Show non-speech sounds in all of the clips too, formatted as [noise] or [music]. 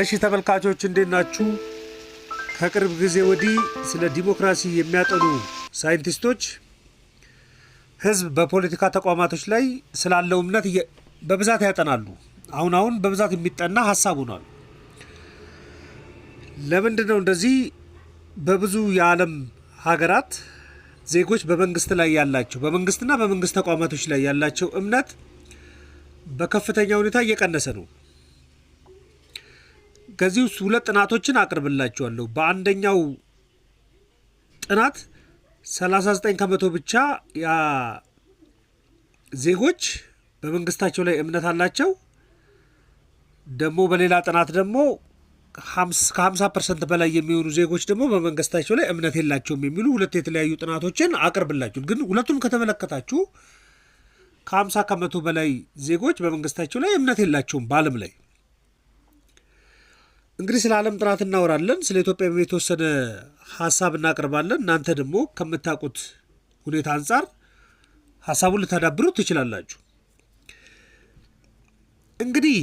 እሺ ተመልካቾች እንዴት ናችሁ? ከቅርብ ጊዜ ወዲህ ስለ ዲሞክራሲ የሚያጠኑ ሳይንቲስቶች ህዝብ በፖለቲካ ተቋማቶች ላይ ስላለው እምነት በብዛት ያጠናሉ። አሁን አሁን በብዛት የሚጠና ሀሳብ ሆኗል። ለምንድን ነው እንደዚህ? በብዙ የዓለም ሀገራት ዜጎች በመንግስት ላይ ያላቸው በመንግስትና በመንግስት ተቋማቶች ላይ ያላቸው እምነት በከፍተኛ ሁኔታ እየቀነሰ ነው። ከዚህ ውስጥ ሁለት ጥናቶችን አቅርብላችኋለሁ። በአንደኛው ጥናት 39 ከመቶ ብቻ ዜጎች በመንግስታቸው ላይ እምነት አላቸው። ደግሞ በሌላ ጥናት ደግሞ ከ50 ፐርሰንት በላይ የሚሆኑ ዜጎች ደግሞ በመንግስታቸው ላይ እምነት የላቸውም የሚሉ ሁለት የተለያዩ ጥናቶችን አቅርብላችሁ ግን ሁለቱም ከተመለከታችሁ ከ50 ከመቶ በላይ ዜጎች በመንግስታቸው ላይ እምነት የላቸውም። በአለም ላይ እንግዲህ ስለ ዓለም ጥናት እናወራለን፣ ስለ ኢትዮጵያ የተወሰነ ሀሳብ እናቀርባለን። እናንተ ደግሞ ከምታውቁት ሁኔታ አንጻር ሀሳቡን ልታዳብሩት ትችላላችሁ። እንግዲህ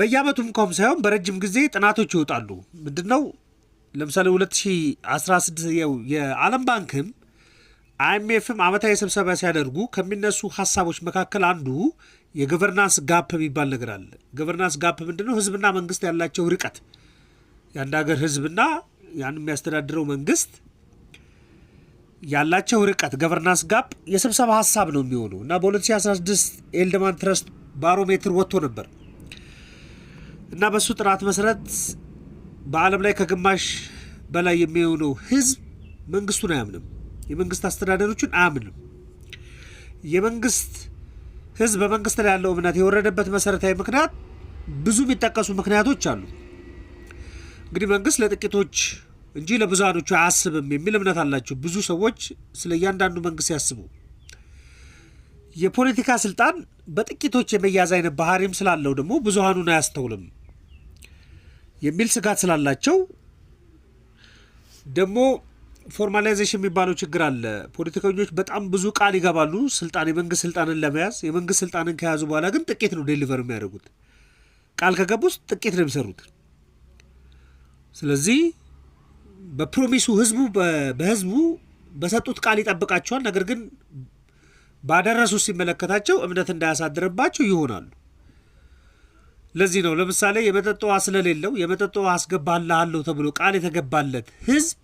በየአመቱ ከም ሳይሆን በረጅም ጊዜ ጥናቶች ይወጣሉ። ምንድነው ለምሳሌ 2016 የዓለም ባንክም አይኤምኤፍም ዓመታዊ ስብሰባ ሲያደርጉ ከሚነሱ ሀሳቦች መካከል አንዱ የገቨርናንስ ጋፕ የሚባል ነገር አለ። ገቨርናንስ ጋፕ ምንድነው? ህዝብና መንግስት ያላቸው ርቀት የአንድ ሀገር ህዝብና ያን የሚያስተዳድረው መንግስት ያላቸው ርቀት ገቨርናንስ ጋፕ የስብሰባ ሀሳብ ነው የሚሆነው እና በ2016 ኤልደማን ትረስት ባሮሜትር ወጥቶ ነበር እና በእሱ ጥናት መሰረት በዓለም ላይ ከግማሽ በላይ የሚሆነው ህዝብ መንግስቱን አያምንም። የመንግስት አስተዳደሮችን አያምንም። የመንግስት ህዝብ በመንግስት ላይ ያለው እምነት የወረደበት መሰረታዊ ምክንያት ብዙ የሚጠቀሱ ምክንያቶች አሉ። እንግዲህ መንግስት ለጥቂቶች እንጂ ለብዙሃኖቹ አያስብም የሚል እምነት አላቸው ብዙ ሰዎች ስለ እያንዳንዱ መንግስት ያስቡ። የፖለቲካ ስልጣን በጥቂቶች የመያዝ አይነት ባህሪም ስላለው ደግሞ ብዙሃኑን አያስተውልም የሚል ስጋት ስላላቸው ደግሞ ፎርማላይዜሽን የሚባለው ችግር አለ። ፖለቲከኞች በጣም ብዙ ቃል ይገባሉ ስልጣን የመንግስት ስልጣንን ለመያዝ የመንግስት ስልጣንን ከያዙ በኋላ ግን ጥቂት ነው ዴሊቨር የሚያደርጉት። ቃል ከገቡ ውስጥ ጥቂት ነው የሚሰሩት። ስለዚህ በፕሮሚሱ ህዝቡ በህዝቡ በሰጡት ቃል ይጠብቃቸዋል። ነገር ግን ባደረሱ ሲመለከታቸው እምነት እንዳያሳድርባቸው ይሆናሉ። ለዚህ ነው ለምሳሌ የመጠጥ ውሃ ስለሌለው የመጠጥ ውሃ አስገባልሃለሁ ተብሎ ቃል የተገባለት ህዝብ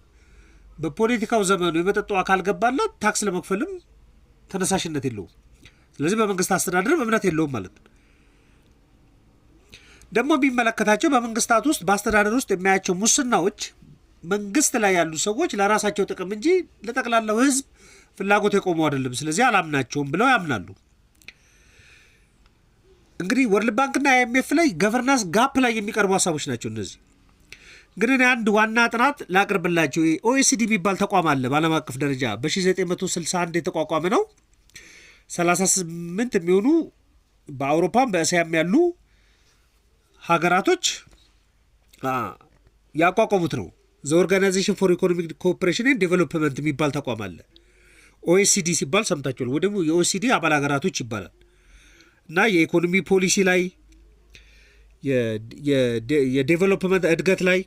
በፖለቲካው ዘመኑ የመጠጡ አካል ገባለ ታክስ ለመክፈልም ተነሳሽነት የለውም። ስለዚህ በመንግስት አስተዳደር እምነት የለውም ማለት ነው። ደግሞ የሚመለከታቸው በመንግስታት ውስጥ በአስተዳደር ውስጥ የሚያያቸው ሙስናዎች መንግስት ላይ ያሉ ሰዎች ለራሳቸው ጥቅም እንጂ ለጠቅላላው ህዝብ ፍላጎት የቆሙ አይደለም። ስለዚህ አላምናቸውም ብለው ያምናሉ። እንግዲህ ወርልድ ባንክና አይኤምኤፍ ላይ ገቨርናንስ ጋፕ ላይ የሚቀርቡ ሀሳቦች ናቸው እነዚህ። ግን እኔ አንድ ዋና ጥናት ላቅርብላችሁ። ኦኤሲዲ የሚባል ተቋም አለ በዓለም አቀፍ ደረጃ በ1961 የተቋቋመ ነው። 38 የሚሆኑ በአውሮፓም በእስያም ያሉ ሀገራቶች ያቋቋሙት ነው። ዘ ኦርጋናይዜሽን ፎር ኢኮኖሚክ ኮኦፕሬሽን ዴቨሎፕመንት የሚባል ተቋም አለ። ኦኤሲዲ ሲባል ሰምታችኋል፣ ወይ ደግሞ የኦኤሲዲ አባል ሀገራቶች ይባላል እና የኢኮኖሚ ፖሊሲ ላይ የዴቨሎፕመንት እድገት ላይ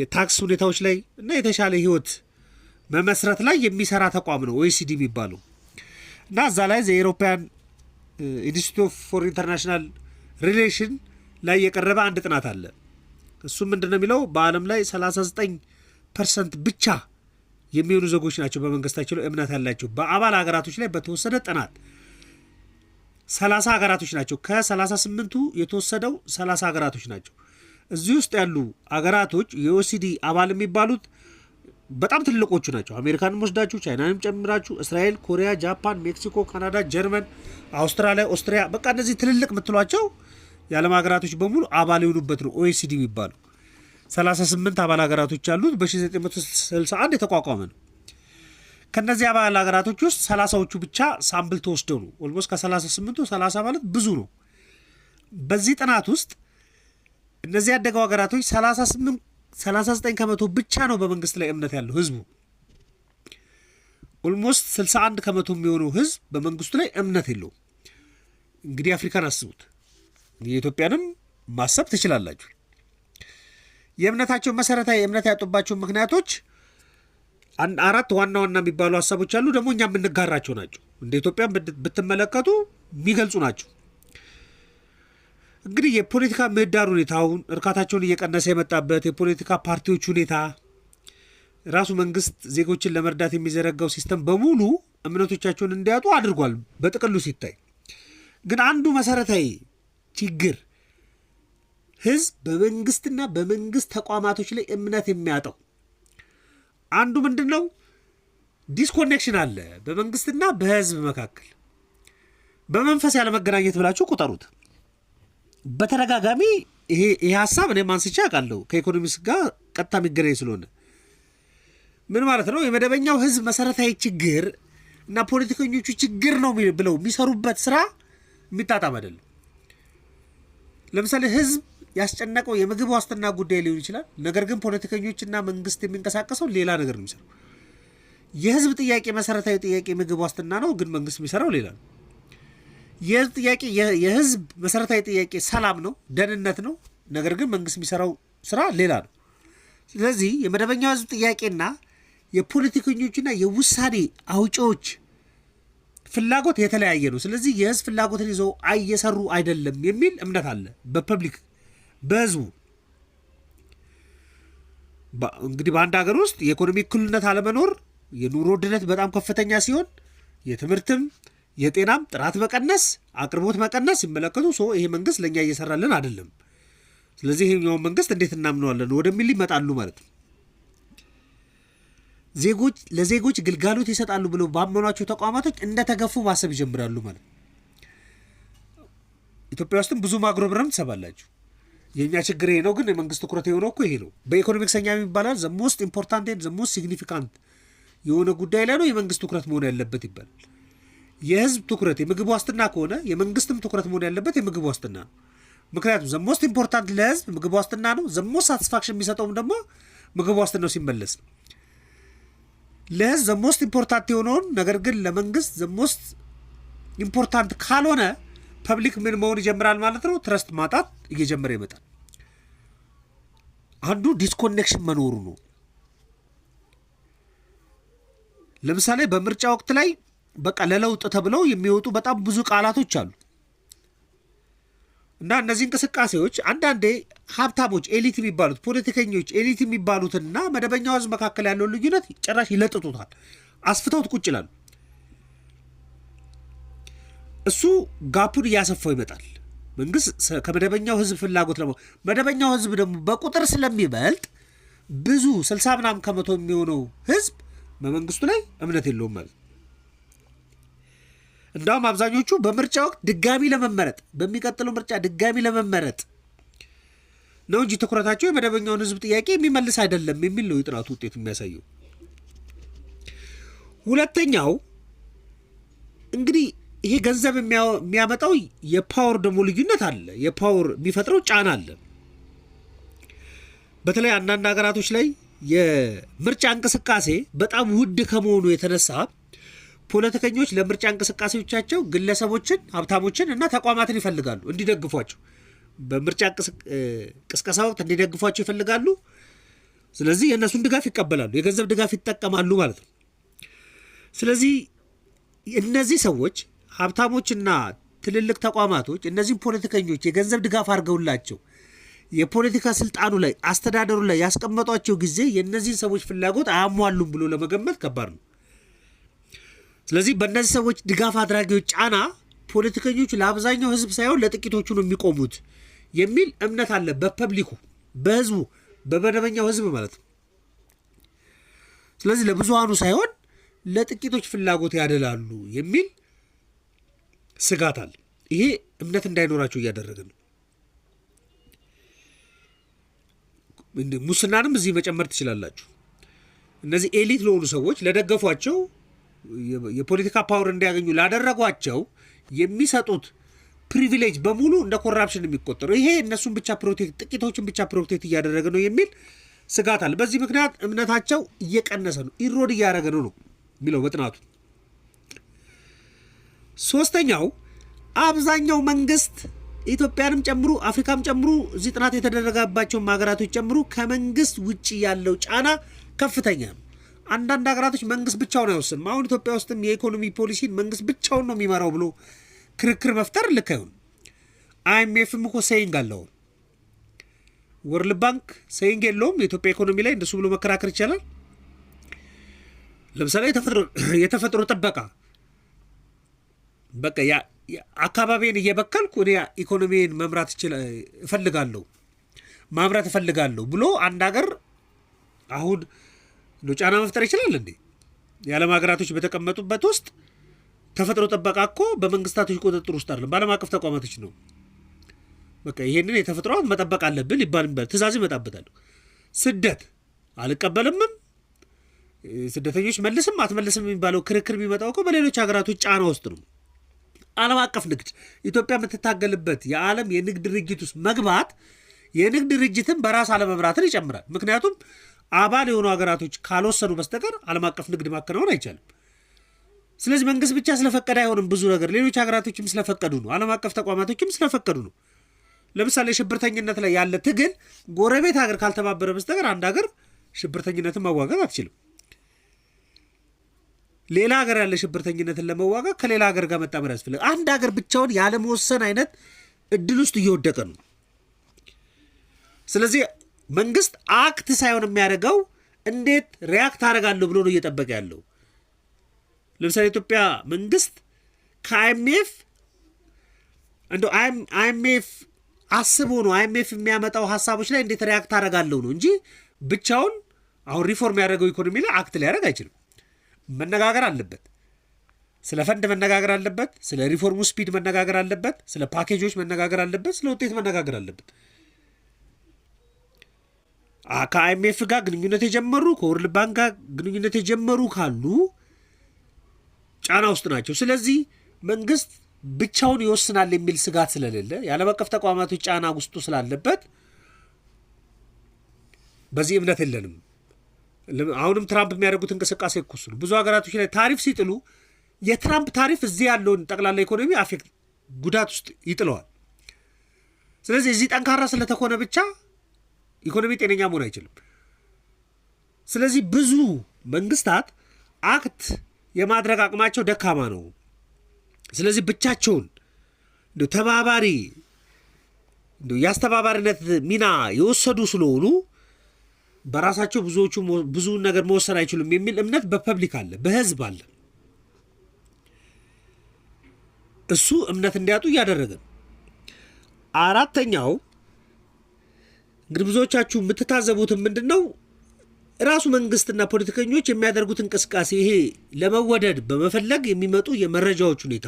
የታክስ ሁኔታዎች ላይ እና የተሻለ ህይወት መመስረት ላይ የሚሰራ ተቋም ነው ኦኢሲዲ የሚባለው እና እዛ ላይ የኤሮፓያን ኢንስቲትዩት ፎር ኢንተርናሽናል ሪሌሽን ላይ የቀረበ አንድ ጥናት አለ። እሱም ምንድን ነው የሚለው በዓለም ላይ 39 ፐርሰንት ብቻ የሚሆኑ ዜጎች ናቸው በመንግስታቸው ላይ እምነት ያላቸው። በአባል ሀገራቶች ላይ በተወሰደ ጥናት 30 ሀገራቶች ናቸው። ከ38ቱ የተወሰደው 30 ሀገራቶች ናቸው። እዚህ ውስጥ ያሉ አገራቶች የኦሲዲ አባል የሚባሉት በጣም ትልቆቹ ናቸው። አሜሪካንም ወስዳችሁ ቻይናንም ጨምራችሁ እስራኤል፣ ኮሪያ፣ ጃፓን፣ ሜክሲኮ፣ ካናዳ፣ ጀርመን፣ አውስትራሊያ፣ ኦስትሪያ በቃ እነዚህ ትልልቅ የምትሏቸው የዓለም ሀገራቶች በሙሉ አባል የሆኑበት ነው ኦኤሲዲ የሚባሉ 38 አባል ሀገራቶች ያሉት በ1961 የተቋቋመ ነው። ከነዚህ አባል ሀገራቶች ውስጥ 30ዎቹ ብቻ ሳምፕል ተወስደው ነው። ኦልሞስት ከ 38 30 ማለት ብዙ ነው። በዚህ ጥናት ውስጥ እነዚህ ያደገው ሀገራቶች 39 ከመቶ ብቻ ነው በመንግስት ላይ እምነት ያለው ህዝቡ። ኦልሞስት 61 ከመቶ የሚሆነው ህዝብ በመንግስቱ ላይ እምነት የለውም። እንግዲህ አፍሪካን አስቡት፣ የኢትዮጵያንም ማሰብ ትችላላችሁ። የእምነታቸው መሰረታዊ እምነት ያጡባቸው ምክንያቶች አራት ዋና ዋና የሚባሉ ሀሳቦች አሉ። ደግሞ እኛ የምንጋራቸው ናቸው። እንደ ኢትዮጵያ ብትመለከቱ የሚገልጹ ናቸው። እንግዲህ የፖለቲካ ምህዳር ሁኔታውን እርካታቸውን እየቀነሰ የመጣበት የፖለቲካ ፓርቲዎች ሁኔታ ራሱ መንግስት ዜጎችን ለመርዳት የሚዘረጋው ሲስተም በሙሉ እምነቶቻቸውን እንዲያጡ አድርጓል። በጥቅሉ ሲታይ ግን አንዱ መሰረታዊ ችግር ህዝብ በመንግስትና በመንግስት ተቋማቶች ላይ እምነት የሚያጠው አንዱ ምንድን ነው? ዲስኮኔክሽን አለ በመንግስትና በህዝብ መካከል። በመንፈስ ያለመገናኘት ብላችሁ ቁጠሩት። በተደጋጋሚ ይሄ ሀሳብ እኔ ማንስቻ አውቃለሁ ከኢኮኖሚስ ጋር ቀጥታ የሚገናኝ ስለሆነ ምን ማለት ነው? የመደበኛው ህዝብ መሰረታዊ ችግር እና ፖለቲከኞቹ ችግር ነው ብለው የሚሰሩበት ስራ የሚጣጣም አይደለም። ለምሳሌ ህዝብ ያስጨነቀው የምግብ ዋስትና ጉዳይ ሊሆን ይችላል። ነገር ግን ፖለቲከኞችና መንግስት የሚንቀሳቀሰው ሌላ ነገር ነው የሚሰራው። የህዝብ ጥያቄ መሰረታዊ ጥያቄ የምግብ ዋስትና ነው፣ ግን መንግስት የሚሰራው ሌላ ነው። የህዝብ ጥያቄ የህዝብ መሰረታዊ ጥያቄ ሰላም ነው፣ ደህንነት ነው። ነገር ግን መንግስት የሚሰራው ስራ ሌላ ነው። ስለዚህ የመደበኛው ህዝብ ጥያቄና የፖለቲከኞችና የውሳኔ አውጪዎች ፍላጎት የተለያየ ነው። ስለዚህ የህዝብ ፍላጎትን ይዘው እየሰሩ አይደለም የሚል እምነት አለ በፐብሊክ በህዝቡ እንግዲህ በአንድ ሀገር ውስጥ የኢኮኖሚ እኩልነት አለመኖር፣ የኑሮ ውድነት በጣም ከፍተኛ ሲሆን የትምህርትም የጤናም ጥራት መቀነስ፣ አቅርቦት መቀነስ ሲመለከቱ ሰው ይሄ መንግስት ለእኛ እየሰራልን አይደለም፣ ስለዚህ ይህኛውን መንግስት እንዴት እናምነዋለን ወደሚል ይመጣሉ ማለት ነው። ዜጎች ለዜጎች ግልጋሎት ይሰጣሉ ብለው ባመኗቸው ተቋማቶች እንደተገፉ ማሰብ ይጀምራሉ ማለት ነው። ኢትዮጵያ ውስጥም ብዙ ማጉረምረም ትሰባላችሁ። የእኛ ችግር ይሄ ነው፣ ግን የመንግስት ትኩረት የሆነው እኮ ይሄ ነው። በኢኮኖሚክሰኛ ይባላል ዘ ሞስት ኢምፖርታንት ዘ ሞስት ሲግኒፊካንት የሆነ ጉዳይ ላይ ነው የመንግስት ትኩረት መሆን ያለበት ይባላል። የህዝብ ትኩረት የምግብ ዋስትና ከሆነ የመንግስትም ትኩረት መሆን ያለበት የምግብ ዋስትና ነው። ምክንያቱም ዘሞስት ኢምፖርታንት ለህዝብ ምግብ ዋስትና ነው። ዘሞስት ሳትስፋክሽን የሚሰጠውም ደግሞ ምግብ ዋስትናው ሲመለስ ለህዝብ ዘሞስት ኢምፖርታንት የሆነውን ነገር ግን ለመንግስት ዘሞስት ኢምፖርታንት ካልሆነ ፐብሊክ ምን መሆን ይጀምራል ማለት ነው? ትረስት ማጣት እየጀመረ ይመጣል። አንዱ ዲስኮኔክሽን መኖሩ ነው። ለምሳሌ በምርጫ ወቅት ላይ በቃ ለለውጥ ተብለው የሚወጡ በጣም ብዙ ቃላቶች አሉ እና እነዚህ እንቅስቃሴዎች አንዳንዴ ሀብታሞች ኤሊት የሚባሉት ፖለቲከኞች ኤሊት የሚባሉትና መደበኛው ህዝብ መካከል ያለውን ልዩነት ጭራሽ ይለጥጡታል፣ አስፍተውት ቁጭ ይላሉ። እሱ ጋፑን እያሰፋው ይመጣል። መንግስት ከመደበኛው ህዝብ ፍላጎት ለመ መደበኛው ህዝብ ደግሞ በቁጥር ስለሚበልጥ ብዙ ስልሳ ምናምን ከመቶ የሚሆነው ህዝብ በመንግስቱ ላይ እምነት የለውም ማለት ነው። እንዳውም አብዛኞቹ በምርጫ ወቅት ድጋሚ ለመመረጥ በሚቀጥለው ምርጫ ድጋሚ ለመመረጥ ነው እንጂ ትኩረታቸው የመደበኛውን ህዝብ ጥያቄ የሚመልስ አይደለም የሚል ነው የጥናቱ ውጤት የሚያሳየው። ሁለተኛው እንግዲህ ይሄ ገንዘብ የሚያመጣው የፓወር ደግሞ ልዩነት አለ። የፓወር የሚፈጥረው ጫና አለ። በተለይ አንዳንድ ሀገራቶች ላይ የምርጫ እንቅስቃሴ በጣም ውድ ከመሆኑ የተነሳ ፖለቲከኞች ለምርጫ እንቅስቃሴዎቻቸው ግለሰቦችን፣ ሀብታሞችን እና ተቋማትን ይፈልጋሉ እንዲደግፏቸው በምርጫ ቅስቀሳ ወቅት እንዲደግፏቸው ይፈልጋሉ። ስለዚህ የእነሱን ድጋፍ ይቀበላሉ፣ የገንዘብ ድጋፍ ይጠቀማሉ ማለት ነው። ስለዚህ እነዚህ ሰዎች ሀብታሞችና ትልልቅ ተቋማቶች እነዚህም ፖለቲከኞች የገንዘብ ድጋፍ አድርገውላቸው የፖለቲካ ስልጣኑ ላይ አስተዳደሩ ላይ ያስቀመጧቸው ጊዜ የእነዚህን ሰዎች ፍላጎት አያሟሉም ብሎ ለመገመት ከባድ ነው። ስለዚህ በእነዚህ ሰዎች ድጋፍ አድራጊዎች ጫና ፖለቲከኞቹ ለአብዛኛው ህዝብ ሳይሆን ለጥቂቶቹ ነው የሚቆሙት የሚል እምነት አለ በፐብሊኩ በህዝቡ በመደበኛው ህዝብ ማለት ነው። ስለዚህ ለብዙሃኑ ሳይሆን ለጥቂቶች ፍላጎት ያደላሉ የሚል ስጋት አለ። ይሄ እምነት እንዳይኖራቸው እያደረገ ነው። ሙስናንም እዚህ መጨመር ትችላላችሁ። እነዚህ ኤሊት ለሆኑ ሰዎች ለደገፏቸው የፖለቲካ ፓወር እንዲያገኙ ላደረጓቸው የሚሰጡት ፕሪቪሌጅ በሙሉ እንደ ኮራፕሽን የሚቆጠሩ ይሄ እነሱን ብቻ ፕሮቴክት ጥቂቶችን ብቻ ፕሮቴክት እያደረገ ነው የሚል ስጋት አለ። በዚህ ምክንያት እምነታቸው እየቀነሰ ነው፣ ኢሮድ እያደረገ ነው ነው የሚለው በጥናቱ። ሶስተኛው አብዛኛው መንግስት ኢትዮጵያንም ጨምሮ አፍሪካም ጨምሮ እዚህ ጥናት የተደረገባቸውን ሀገራቶች ጨምሮ ከመንግስት ውጭ ያለው ጫና ከፍተኛ ነው። አንዳንድ ሀገራቶች መንግስት ብቻውን አይወስንም። አሁን ኢትዮጵያ ውስጥም የኢኮኖሚ ፖሊሲን መንግስት ብቻውን ነው የሚመራው ብሎ ክርክር መፍጠር ልክ አይሆን። አይኤምኤፍም እኮ ሰይንግ አለው፣ ወርል ባንክ ሰይንግ የለውም የኢትዮጵያ ኢኮኖሚ ላይ እንደሱ ብሎ መከራከር ይቻላል። ለምሳሌ የተፈጥሮ [clears throat] ጥበቃ በቃ አካባቢን እየበከልኩ እኔ ኢኮኖሚን መምራት እፈልጋለሁ ማምራት እፈልጋለሁ ብሎ አንድ ሀገር አሁን ጫና መፍጠር ይችላል እንዴ? የዓለም ሀገራቶች በተቀመጡበት ውስጥ ተፈጥሮ ጥበቃ እኮ በመንግስታቶች ቁጥጥር ውስጥ አይደለም፣ በዓለም አቀፍ ተቋማቶች ነው። በቃ ይሄንን የተፈጥሮ መጠበቅ አለብን ሊባል ትእዛዝ ይመጣበታል። ስደት አልቀበልምም ስደተኞች መልስም አትመልስም የሚባለው ክርክር የሚመጣው እኮ በሌሎች ሀገራቶች ጫና ውስጥ ነው። ዓለም አቀፍ ንግድ ኢትዮጵያ የምትታገልበት የዓለም የንግድ ድርጅት ውስጥ መግባት የንግድ ድርጅትን በራስ አለመምራትን ይጨምራል። ምክንያቱም አባል የሆኑ ሀገራቶች ካልወሰኑ በስተቀር ዓለም አቀፍ ንግድ ማከናወን አይቻልም። ስለዚህ መንግስት ብቻ ስለፈቀደ አይሆንም። ብዙ ነገር ሌሎች ሀገራቶችም ስለፈቀዱ ነው። ዓለም አቀፍ ተቋማቶችም ስለፈቀዱ ነው። ለምሳሌ ሽብርተኝነት ላይ ያለ ትግል ጎረቤት ሀገር ካልተባበረ በስተቀር አንድ ሀገር ሽብርተኝነትን መዋጋት አትችልም። ሌላ ሀገር ያለ ሽብርተኝነትን ለመዋጋት ከሌላ ሀገር ጋር መጣመር ያስፈልግ። አንድ ሀገር ብቻውን ያለመወሰን አይነት እድል ውስጥ እየወደቀ ነው። ስለዚህ መንግስት አክት ሳይሆን የሚያደርገው እንዴት ሪያክት አደርጋለሁ ብሎ ነው እየጠበቀ ያለው። ለምሳሌ ኢትዮጵያ መንግስት ከአይኤምኤፍ እንደ አይኤምኤፍ አስቦ ነው አይኤምኤፍ የሚያመጣው ሀሳቦች ላይ እንዴት ሪያክት አደርጋለሁ ነው እንጂ ብቻውን አሁን ሪፎርም ያደረገው ኢኮኖሚ ላይ አክት ሊያደርግ አይችልም። መነጋገር አለበት። ስለ ፈንድ መነጋገር አለበት። ስለ ሪፎርሙ ስፒድ መነጋገር አለበት። ስለ ፓኬጆች መነጋገር አለበት። ስለ ውጤት መነጋገር አለበት። ከአይኤምኤፍ ጋር ግንኙነት የጀመሩ ከወርልድ ባንክ ጋር ግንኙነት የጀመሩ ካሉ ጫና ውስጥ ናቸው። ስለዚህ መንግስት ብቻውን ይወስናል የሚል ስጋት ስለሌለ የዓለም አቀፍ ተቋማቶች ጫና ውስጡ ስላለበት በዚህ እምነት የለንም። አሁንም ትራምፕ የሚያደርጉት እንቅስቃሴ እኮ ነው። ብዙ ሀገራቶች ላይ ታሪፍ ሲጥሉ የትራምፕ ታሪፍ እዚህ ያለውን ጠቅላላ ኢኮኖሚ አፌክት ጉዳት ውስጥ ይጥለዋል። ስለዚህ እዚህ ጠንካራ ስለተኮነ ብቻ ኢኮኖሚ ጤነኛ መሆን አይችልም። ስለዚህ ብዙ መንግስታት አክት የማድረግ አቅማቸው ደካማ ነው። ስለዚህ ብቻቸውን ተባባሪ የአስተባባሪነት ሚና የወሰዱ ስለሆኑ በራሳቸው ብዙዎቹ ብዙውን ነገር መወሰን አይችሉም የሚል እምነት በፐብሊክ አለ፣ በህዝብ አለ። እሱ እምነት እንዲያጡ እያደረገ ነው። አራተኛው እንግዲህ ብዙዎቻችሁ የምትታዘቡትን ምንድን ነው ራሱ መንግስትና ፖለቲከኞች የሚያደርጉት እንቅስቃሴ ይሄ ለመወደድ በመፈለግ የሚመጡ የመረጃዎች ሁኔታ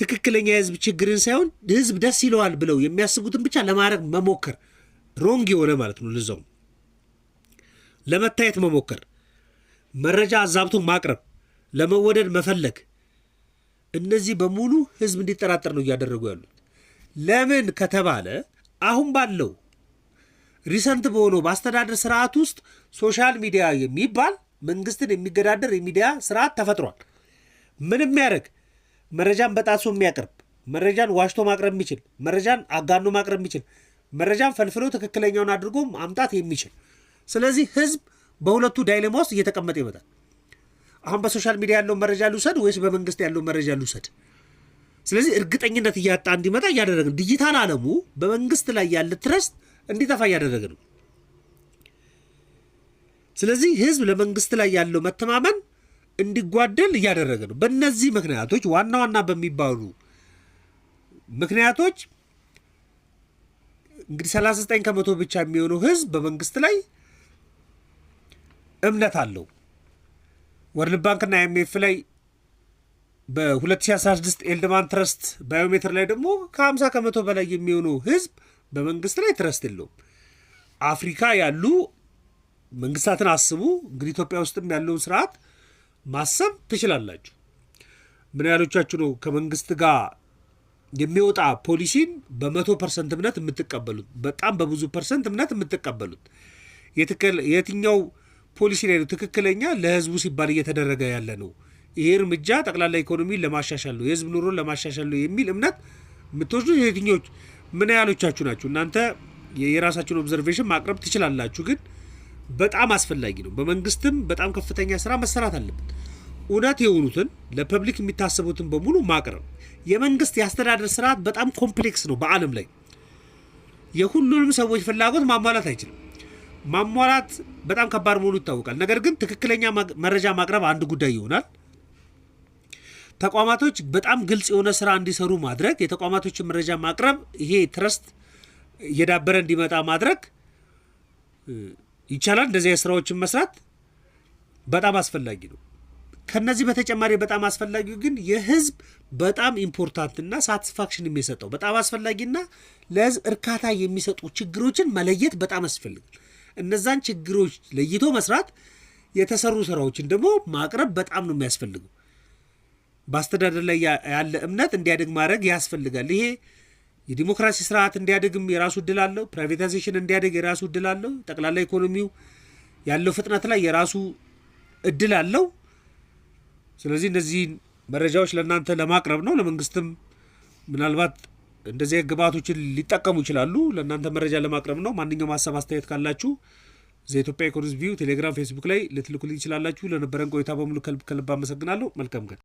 ትክክለኛ የህዝብ ችግርን ሳይሆን ህዝብ ደስ ይለዋል ብለው የሚያስቡትን ብቻ ለማድረግ መሞከር ሮንግ የሆነ ማለት ነው። ልዘው ለመታየት መሞከር፣ መረጃ አዛብቶ ማቅረብ፣ ለመወደድ መፈለግ፣ እነዚህ በሙሉ ህዝብ እንዲጠራጠር ነው እያደረጉ ያሉት። ለምን ከተባለ አሁን ባለው ሪሰንት በሆነው በአስተዳደር ስርዓት ውስጥ ሶሻል ሚዲያ የሚባል መንግስትን የሚገዳደር የሚዲያ ስርዓት ተፈጥሯል። ምን የሚያደርግ መረጃን በጣሶ የሚያቀርብ መረጃን ዋሽቶ ማቅረብ የሚችል መረጃን አጋኖ ማቅረብ የሚችል መረጃን ፈልፍሎ ትክክለኛውን አድርጎ ማምጣት የሚችል ስለዚህ ህዝብ በሁለቱ ዳይሌማ ውስጥ እየተቀመጠ ይመጣል። አሁን በሶሻል ሚዲያ ያለው መረጃ ልውሰድ ወይስ በመንግስት ያለው መረጃ ልውሰድ? ስለዚህ እርግጠኝነት እያጣ እንዲመጣ እያደረግን ዲጂታል አለሙ በመንግስት ላይ ያለ ትረስት እንዲጠፋ እያደረገ ነው። ስለዚህ ህዝብ ለመንግስት ላይ ያለው መተማመን እንዲጓደል እያደረገ ነው። በእነዚህ ምክንያቶች ዋና ዋና በሚባሉ ምክንያቶች እንግዲህ 39 ከመቶ ብቻ የሚሆነው ህዝብ በመንግስት ላይ እምነት አለው። ወርልድ ባንክና ኤምኤፍ ላይ በ2016 ኤልድማን ትረስት ባዮሜትር ላይ ደግሞ ከ50 ከመቶ በላይ የሚሆነው ህዝብ በመንግስት ላይ ትረስት የለውም። አፍሪካ ያሉ መንግስታትን አስቡ። እንግዲህ ኢትዮጵያ ውስጥም ያለውን ስርዓት ማሰብ ትችላላችሁ። ምን ያሎቻችሁ ነው ከመንግስት ጋር የሚወጣ ፖሊሲን በመቶ ፐርሰንት እምነት የምትቀበሉት? በጣም በብዙ ፐርሰንት እምነት የምትቀበሉት የትኛው ፖሊሲ ላይ ነው ትክክለኛ ለህዝቡ ሲባል እየተደረገ ያለ ነው? ይሄ እርምጃ ጠቅላላ ኢኮኖሚ ለማሻሻል ነው፣ የህዝብ ኑሮን ለማሻሻል ነው የሚል እምነት የምትወስዱ የትኞች ምን ያህሎቻችሁ ናችሁ እናንተ የራሳችሁን ኦብዘርቬሽን ማቅረብ ትችላላችሁ። ግን በጣም አስፈላጊ ነው። በመንግስትም በጣም ከፍተኛ ስራ መሰራት አለበት። እውነት የሆኑትን ለፐብሊክ የሚታሰቡትን በሙሉ ማቅረብ። የመንግስት የአስተዳደር ስርዓት በጣም ኮምፕሌክስ ነው። በዓለም ላይ የሁሉንም ሰዎች ፍላጎት ማሟላት አይችልም። ማሟላት በጣም ከባድ መሆኑ ይታወቃል። ነገር ግን ትክክለኛ መረጃ ማቅረብ አንድ ጉዳይ ይሆናል። ተቋማቶች በጣም ግልጽ የሆነ ስራ እንዲሰሩ ማድረግ፣ የተቋማቶችን መረጃ ማቅረብ፣ ይሄ ትረስት እየዳበረ እንዲመጣ ማድረግ ይቻላል። እንደዚህ ስራዎችን መስራት በጣም አስፈላጊ ነው። ከነዚህ በተጨማሪ በጣም አስፈላጊው ግን የህዝብ በጣም ኢምፖርታንትና ሳትስፋክሽን የሚሰጠው በጣም አስፈላጊና ለህዝብ እርካታ የሚሰጡ ችግሮችን መለየት በጣም ያስፈልጋል። እነዛን ችግሮች ለይቶ መስራት፣ የተሰሩ ስራዎችን ደግሞ ማቅረብ በጣም ነው የሚያስፈልገው። በአስተዳደር ላይ ያለ እምነት እንዲያድግ ማድረግ ያስፈልጋል። ይሄ የዲሞክራሲ ስርዓት እንዲያድግም የራሱ እድል አለው። ፕራይቬታይዜሽን እንዲያድግ የራሱ እድል አለው። ጠቅላላ ኢኮኖሚው ያለው ፍጥነት ላይ የራሱ እድል አለው። ስለዚህ እነዚህን መረጃዎች ለእናንተ ለማቅረብ ነው። ለመንግስትም ምናልባት እንደዚህ ግብዓቶችን ሊጠቀሙ ይችላሉ። ለእናንተ መረጃ ለማቅረብ ነው። ማንኛውም ሀሳብ አስተያየት ካላችሁ ኢትዮጵያ ኢኮኖሚስት ቪው ቴሌግራም፣ ፌስቡክ ላይ ልትልኩልኝ ይችላላችሁ። ለነበረን ቆይታ በሙሉ ከልብ ከልብ አመሰግናለሁ። መልካም ቀን